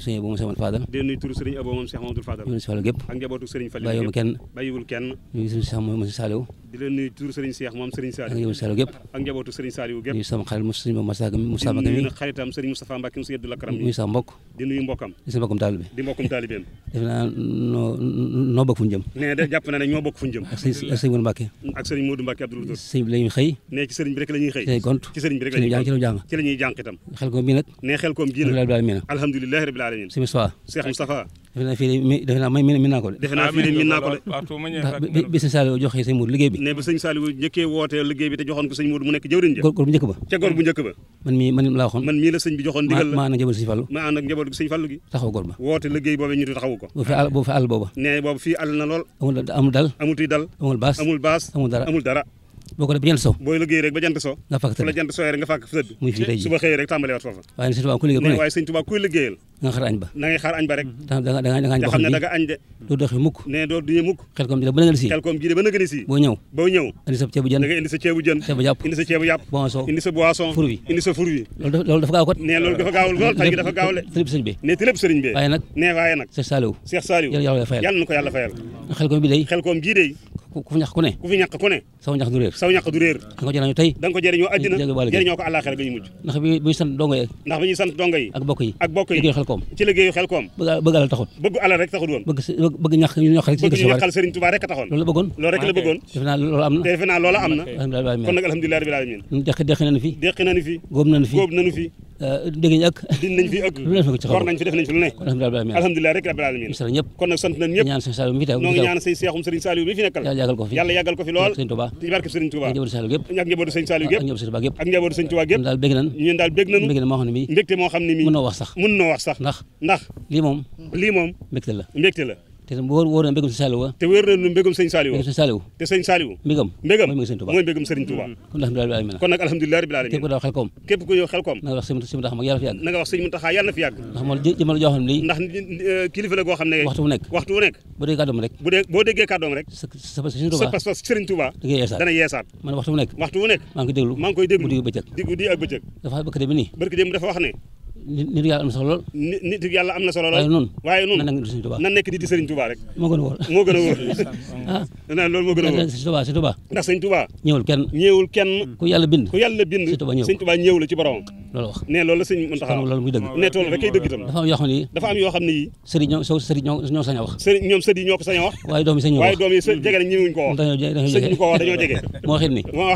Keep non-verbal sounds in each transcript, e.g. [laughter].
turu sëriñ Abou Moussa Mamadou Fadal di nuyu kenn bàyyiwul kenn ñu di leen nuyu tur Serigne Cheikh moom Serigne Saliou ak yow Saliou gépp ak njabootu Serigne Saliou gépp nuyu sama xarit mu Serigne Moussa Moussa Mbacké mi nuyu xaritam Serigne Moustapha Mbacké mu Serigne Abdou Lakram nuyu sama mbokk di nuyu mbokkam di sama mbokkum taalibe di mbokkum taalibeem def naa noo noo bokk fu ñu jëm nee da jàpp na ne ñoo bokk fu ñu jëm ak Serigne Modou Mbacké ak Serigne Modou Mbacké Abdou Latif Serigne bi la ñuy xëy nee ci Serigne bi rek la ñuy xëy ci gont ci Serigne bi rek la ñuy jàng ci la jàng ci la ñuy jàng itam xel koom bi nag nee xel koom bi nag alhamdulilah rabbil alamin Serigne Moustapha defe naa fii de defe naa mën naa de. defe naa fii de de. ndax bi sëñ Saliou joxee sëñ Modou liggéey bi. ne ba sëñ Saliou njëkkee woote liggéey bi te joxoon ko sëñ Modou mu nekk jëwriñ ja. góor bu njëkk ba. man mii man mii la sëñ bi joxoon ndigal la ma ma ànd ak njabootu sëñ Fallou. ma ànd ak sëñ Fallou gi. taxaw góor ba woote liggéey boobee ñu taxawu ko. boo fi àll boo fi booba. fii àll na lool. amul dal amul dal. amul baas amul dara boo ko def ba jant so nga fàkk la jant so nga fàkk fa muy fii tey suba xëy rek tàmbali waat foofa waaye sëñ Tuubaa ku liggéey ku ne waaye sëñ Tuubaa kuy liggéeyal nga xel koom bi ne xel koom bi ku fi ñàkk ku ne ku fi ñàkk ku ne saw ñàkk du réer saw ñàkk du réer ko jëriñoo tey da nga ko ko àllaaxira ga ñu mujj ndax bi sant dongo yi ndax bi yi ak bokk yi bokk yi xel koom ci liggéeyu xel koom bëgg alal taxut bëgg alal rek taxut woon bëgg bëgg ñàkk ñu ñàkkal bëgg rek taxoon loolu la bëggoon rek la bëggoon defe naa loolu am na defe naa loolu am na kon nag alhamdulilah rabbil alamin deqi nañu fi fi góob nañu fi Euh, dégg ñu ak din nañ fi nañ fi def nañ fi lu ne alhamdulilah rek rabbil alamin sant nañ fi teew noo fi nekkal ne mii mbégte moo xam la te wóor na mbégum sëñ Saliou wa te wóor na nu mbégum sëñ Saliou mooy mbégum sëriñ Touba mm. kon alhamdulilah rabbil alamin kon nag alhamdulilah xel koom képp ku yow xel koom na nga wax sëñ na nga wax sëñ Mountakha ndax moom euh, la goo ne waxtu bu waxtu bu nekk boo déggee kàddoom rek bu dee boo déggee kàddoom rek sa pas-pas sëriñ Touba dana yeesaat man waxtu bu nekk waxtu bu nekk maa ngi koy déglu maa ngi koy déglu di ak bëccëg barke dem bi dafa wax nit yàlla am na solo lool nit yàlla am na solo lool waaye noonu waaye noonu nan nekk di di sëriñ rek moo gën a wóor moo gën a wóor [laughs] ah loolu moo gën a wóor ndax sëriñ Touba ñëwul kenn ñëwul kenn ku yàlla bind ku yàlla bind sëriñ Touba ñëw ci boromam loolu wax ne loolu la sëriñ Mountakha loolu muy dëgg ne tool rek kay dëgg itam dafa am yoo xam dafa am yoo xam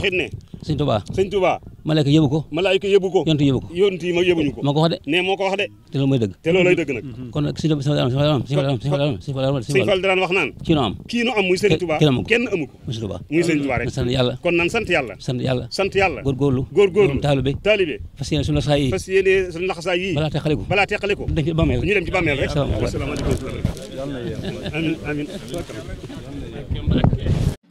sañ a sañ a [laughs] malaayka yëbu ko malaayka yëbu ko yontu yëbu ko yontu yi ma yëbuñu ko moo ko wax de ne moo ko wax de te loolu mooy dëgg te loolu lay dëgg nag mm-hmm. kon nag sëñ Fall daan wax naan kii nu am kii nu am muy sëñ Touba kenn amu ko muy sëñ Touba muy sëñ Touba rek sant yàlla kon nan sant yàlla sant yàlla sant yàlla góorgóorlu góorgóorlu taalibe taalibe fas yéene suñu laxasaay yi fas yéene suñu laxasaay yi balaa teqale ko balaa teqale ko ñu dem ci bàmmeel rek asalaamaaleykum amin amin